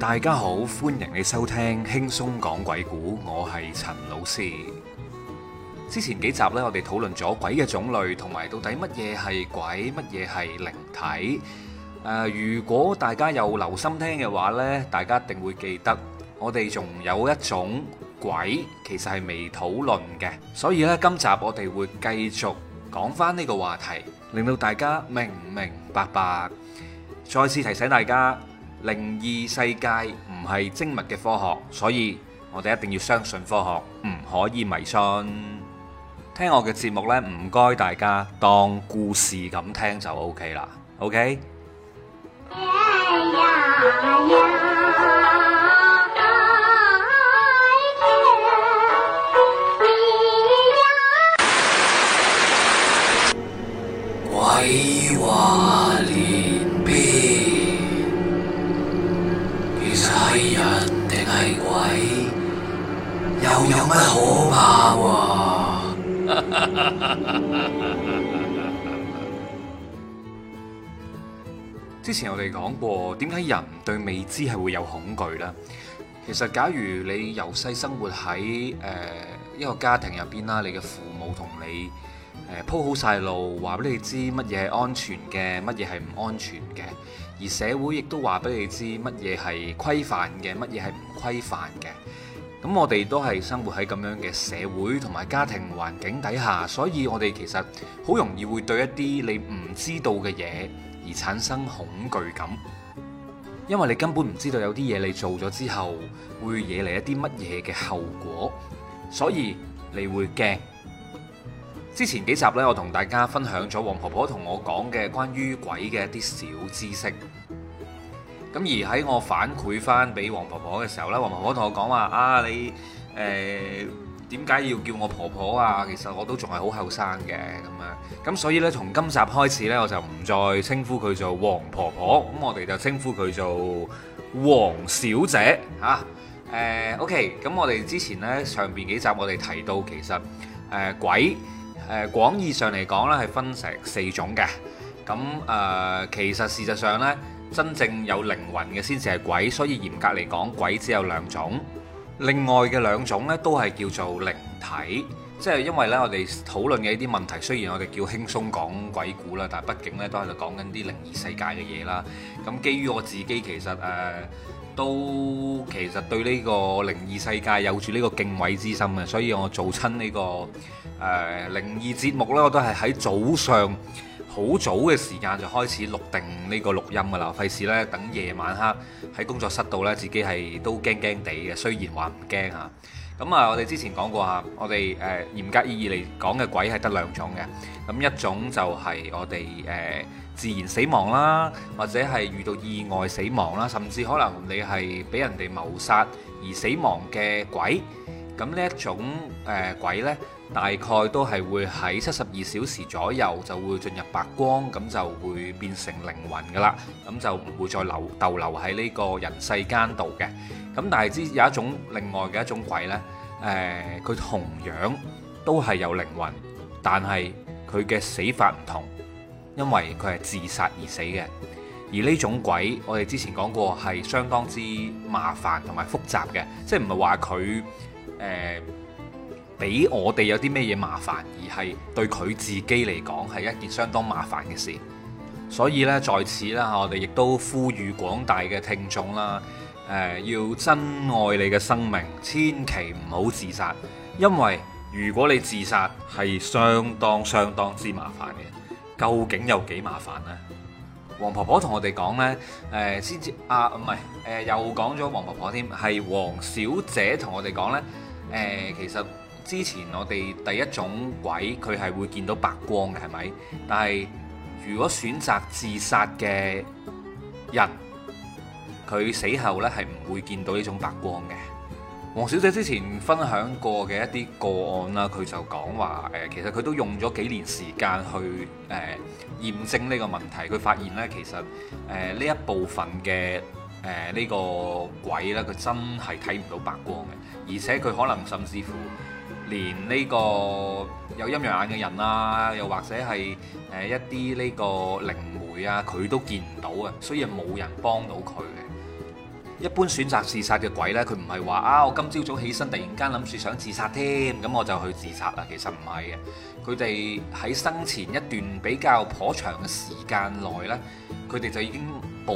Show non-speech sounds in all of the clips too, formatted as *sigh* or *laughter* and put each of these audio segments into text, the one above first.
大家好，歡迎你收聽輕鬆講鬼故，我係陳老師。之前幾集咧，我哋討論咗鬼嘅種類，同埋到底乜嘢係鬼，乜嘢係靈體。誒，如果大家有留心聽嘅話咧，大家一定會記得我哋仲有一種鬼，其實係未討論嘅。所以咧，今集我哋會繼續講翻呢個話題，令到大家明明白白。再次提醒大家。靈異世界唔係精密嘅科學，所以我哋一定要相信科學，唔可以迷信。聽我嘅節目呢，唔該大家當故事咁聽就 OK 啦。OK。 *noise* 好怕 *music* 之前我哋講過，點解人對未知係會有恐懼呢？其實，假如你由細生活喺誒、呃、一個家庭入邊啦，你嘅父母同你誒鋪、呃、好晒路，話俾你知乜嘢係安全嘅，乜嘢係唔安全嘅；而社會亦都話俾你知乜嘢係規範嘅，乜嘢係唔規範嘅。咁我哋都係生活喺咁樣嘅社會同埋家庭環境底下，所以我哋其實好容易會對一啲你唔知道嘅嘢而產生恐懼感，因為你根本唔知道有啲嘢你做咗之後會惹嚟一啲乜嘢嘅後果，所以你會驚。之前幾集呢，我同大家分享咗黃婆婆同我講嘅關於鬼嘅一啲小知識。咁而喺我反饋翻俾黃婆婆嘅時候呢，黃婆婆同我講話啊，你誒點解要叫我婆婆啊？其實我都仲係好後生嘅咁樣。咁所以呢，從今集開始呢，我就唔再稱呼佢做黃婆婆，咁我哋就稱呼佢做黃小姐嚇。誒 OK，咁我哋之前呢上邊幾集我哋提到，其實誒鬼誒廣義上嚟講呢係分成四種嘅。咁誒其實事實上呢，真正有力魂嘅先至係鬼，所以嚴格嚟講，鬼只有兩種。另外嘅兩種呢，都係叫做靈體，即係因為呢，我哋討論嘅呢啲問題，雖然我哋叫輕鬆講鬼故啦，但係畢竟呢都係講緊啲靈異世界嘅嘢啦。咁基於我自己，其實誒都其實對呢個靈異世界有住呢個敬畏之心嘅，所以我做親呢個誒靈異節目呢，我都係喺早上。好早嘅時間就開始錄定呢個錄音噶啦，費事咧等夜晚黑喺工作室度呢，自己係都驚驚地嘅。雖然話唔驚啊。咁啊，我哋之前講過嚇，我哋誒嚴格意義嚟講嘅鬼係得兩種嘅，咁一種就係我哋誒、呃、自然死亡啦，或者係遇到意外死亡啦，甚至可能你係俾人哋謀殺而死亡嘅鬼。咁呢一種誒鬼呢，大概都係會喺七十二小時左右就會進入白光，咁就會變成靈魂㗎喇。咁就唔會再留逗留喺呢個人世間度嘅。咁但係之有一種另外嘅一種鬼呢，誒、呃、佢同樣都係有靈魂，但係佢嘅死法唔同，因為佢係自殺而死嘅。而呢種鬼，我哋之前講過係相當之麻煩同埋複雜嘅，即係唔係話佢。誒，俾、呃、我哋有啲咩嘢麻煩，而係對佢自己嚟講係一件相當麻煩嘅事。所以呢，在此啦，我哋亦都呼籲廣大嘅聽眾啦，誒、呃，要珍愛你嘅生命，千祈唔好自殺。因為如果你自殺係相當相當之麻煩嘅，究竟有幾麻煩呢？黃婆婆同我哋講呢，誒、呃，先至啊，唔係，誒、呃，又講咗黃婆婆添，係黃小姐同我哋講呢。誒，其實之前我哋第一種鬼佢係會見到白光嘅，係咪？但係如果選擇自殺嘅人，佢死後呢係唔會見到呢種白光嘅。黃小姐之前分享過嘅一啲個案啦，佢就講話誒，其實佢都用咗幾年時間去誒驗證呢個問題，佢發現呢，其實誒呢一部分嘅。誒呢個鬼呢，佢真係睇唔到白光嘅，而且佢可能甚至乎連呢個有陰陽眼嘅人啊，又或者係誒一啲呢個靈媒啊，佢都見唔到啊，所以冇人幫到佢嘅。一般選擇自殺嘅鬼呢，佢唔係話啊，我今朝早起身突然間諗住想自殺添，咁我就去自殺啦。其實唔係嘅，佢哋喺生前一段比較頗長嘅時間內呢，佢哋就已經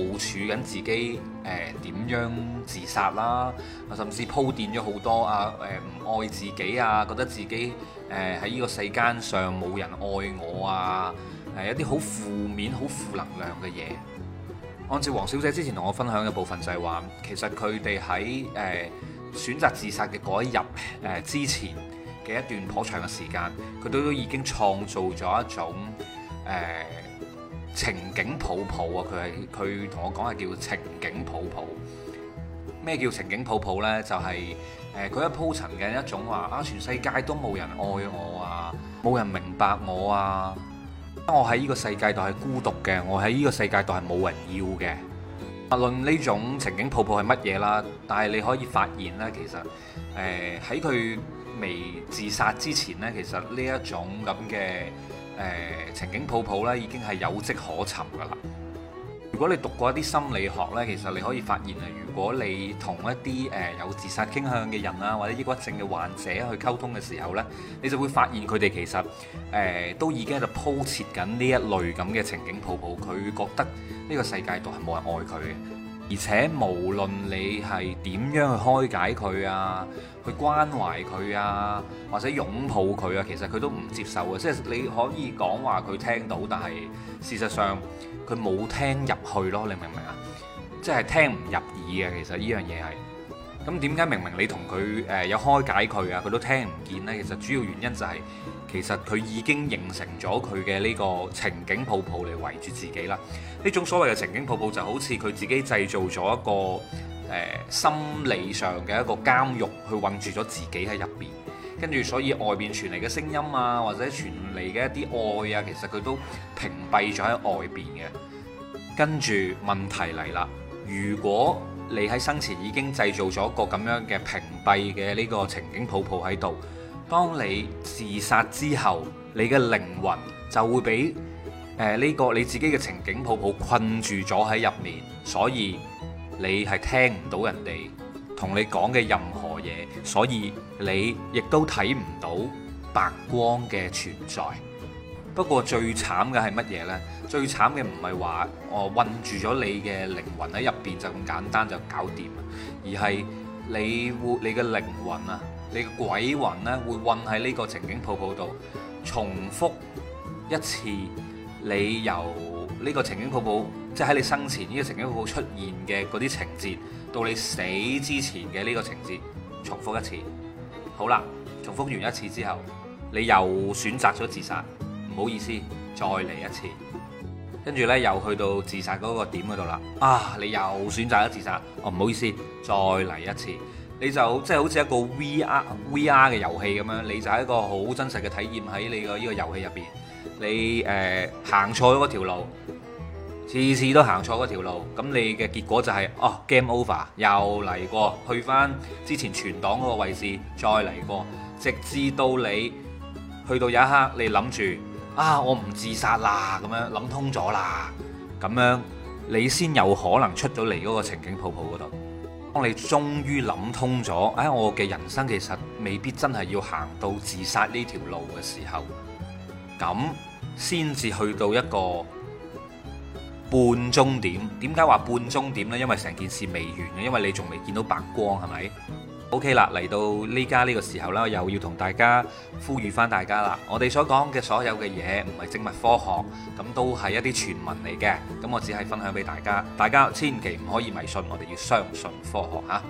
部署緊自己，誒、呃、點樣自殺啦、啊？甚至鋪墊咗好多啊，誒、呃、唔愛自己啊，覺得自己誒喺呢個世間上冇人愛我啊，係、呃、一啲好負面、好負能量嘅嘢。按照黃小姐之前同我分享嘅部分，就係話，其實佢哋喺誒選擇自殺嘅嗰一日誒、呃、之前嘅一段頗長嘅時間，佢都都已經創造咗一種誒，呃情景抱抱啊！佢係佢同我講係叫情景抱抱。咩叫情景抱抱呢？就係誒佢一鋪陳嘅一種話啊，全世界都冇人愛我啊，冇人明白我啊，我喺呢個世界度係孤獨嘅，我喺呢個世界度係冇人要嘅。無論呢種情景抱抱係乜嘢啦，但係你可以發現呢，其實誒喺佢未自殺之前呢，其實呢一種咁嘅。誒、呃，情景泡泡咧，已經係有跡可尋噶啦。如果你讀過一啲心理學咧，其實你可以發現啊，如果你同一啲誒、呃、有自殺傾向嘅人啊，或者抑鬱症嘅患者去溝通嘅時候呢，你就會發現佢哋其實誒、呃、都已經喺度鋪設緊呢一類咁嘅情景泡泡。佢覺得呢個世界度係冇人愛佢嘅。而且無論你係點樣去開解佢啊，去關懷佢啊，或者擁抱佢啊，其實佢都唔接受嘅，即係你可以講話佢聽到，但係事實上佢冇聽入去咯，你明唔明啊？即係聽唔入耳嘅，其實呢樣嘢係。咁點解明明你同佢誒有開解佢啊，佢都聽唔見呢？其實主要原因就係、是、其實佢已經形成咗佢嘅呢個情景泡泡嚟圍住自己啦。呢種所謂嘅情景泡泡就好似佢自己製造咗一個誒、呃、心理上嘅一個監獄去困住咗自己喺入邊，跟住所以外邊傳嚟嘅聲音啊，或者傳嚟嘅一啲愛啊，其實佢都屏蔽咗喺外邊嘅。跟住問題嚟啦，如果你喺生前已經製造咗個咁樣嘅屏蔽嘅呢個情景泡泡喺度。當你自殺之後，你嘅靈魂就會俾誒呢個你自己嘅情景泡泡困住咗喺入面，所以你係聽唔到人哋同你講嘅任何嘢，所以你亦都睇唔到白光嘅存在。不過最慘嘅係乜嘢呢？最慘嘅唔係話我困住咗你嘅靈魂喺入邊就咁簡單就搞掂，而係你會你嘅靈魂啊，你嘅鬼魂呢會困喺呢個情景泡泡度，重複一次，你由呢個情景泡泡，即係喺你生前呢個情景泡泡出現嘅嗰啲情節，到你死之前嘅呢個情節，重複一次。好啦，重複完一次之後，你又選擇咗自殺。唔好意思，再嚟一次，跟住呢，又去到自殺嗰個點嗰度啦。啊，你又選擇咗自殺。哦，唔好意思，再嚟一次。你就即係好似一個 VR VR 嘅遊戲咁樣，你就係一個好真實嘅體驗喺你個呢個遊戲入邊。你誒行錯咗嗰條路，次次都行錯嗰條路，咁你嘅結果就係哦 game over，又嚟過，去返之前存檔嗰個位置，再嚟過，直至到你去到有一刻，你諗住。啊！我唔自殺啦，咁樣諗通咗啦，咁樣你先有可能出到嚟嗰個情景泡泡嗰度。當你終於諗通咗，哎，我嘅人生其實未必真係要行到自殺呢條路嘅時候，咁先至去到一個半終點。點解話半終點呢？因為成件事未完嘅，因為你仲未見到白光，係咪？O K 啦，嚟、okay，到呢家呢個時候啦，又要同大家呼籲翻大家啦。我哋所講嘅所有嘅嘢，唔係精密科學，咁都係一啲傳聞嚟嘅。咁我只係分享俾大家，大家千祈唔可以迷信，我哋要相信科學吓。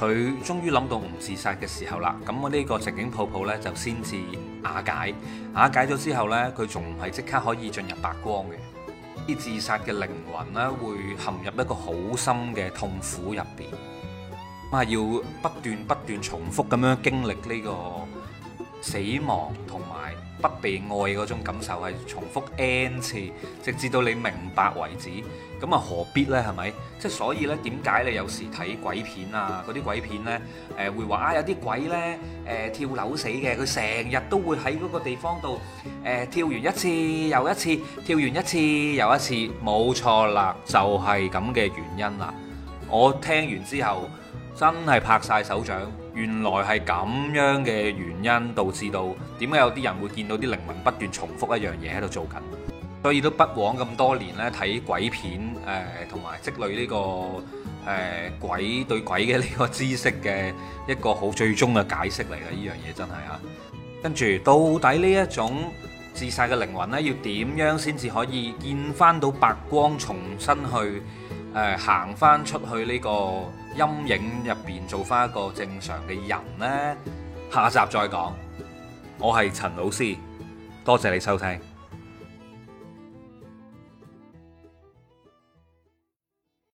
佢終於諗到唔自殺嘅時候啦，咁我呢個情景泡泡呢，就先至瓦解。瓦解咗之後呢，佢仲唔係即刻可以進入白光嘅。啲自殺嘅靈魂呢，會陷入一個好深嘅痛苦入邊。咁啊，要不斷不斷重複咁樣經歷呢個死亡同埋不被愛嗰種感受，係重複 N 次，直至到你明白為止。咁啊，何必呢？係咪即係所以呢？點解你有時睇鬼片啊？嗰啲鬼片呢，誒會話有啲鬼呢，誒跳樓死嘅，佢成日都會喺嗰個地方度誒跳完一次又一次，跳完一次又一次，冇錯啦，就係咁嘅原因啦。我聽完之後，真係拍晒手掌，原來係咁樣嘅原因導致到點解有啲人會見到啲靈魂不斷重複一樣嘢喺度做緊，所以都不枉咁多年咧睇鬼片，誒同埋積累呢個誒、呃、鬼對鬼嘅呢個知識嘅一個好最終嘅解釋嚟嘅呢樣嘢真係啊！跟住到底呢一種自殺嘅靈魂呢，要點樣先至可以見翻到白光，重新去？誒行翻出去呢個陰影入邊，做翻一個正常嘅人呢，下集再講。我係陳老師，多謝你收聽。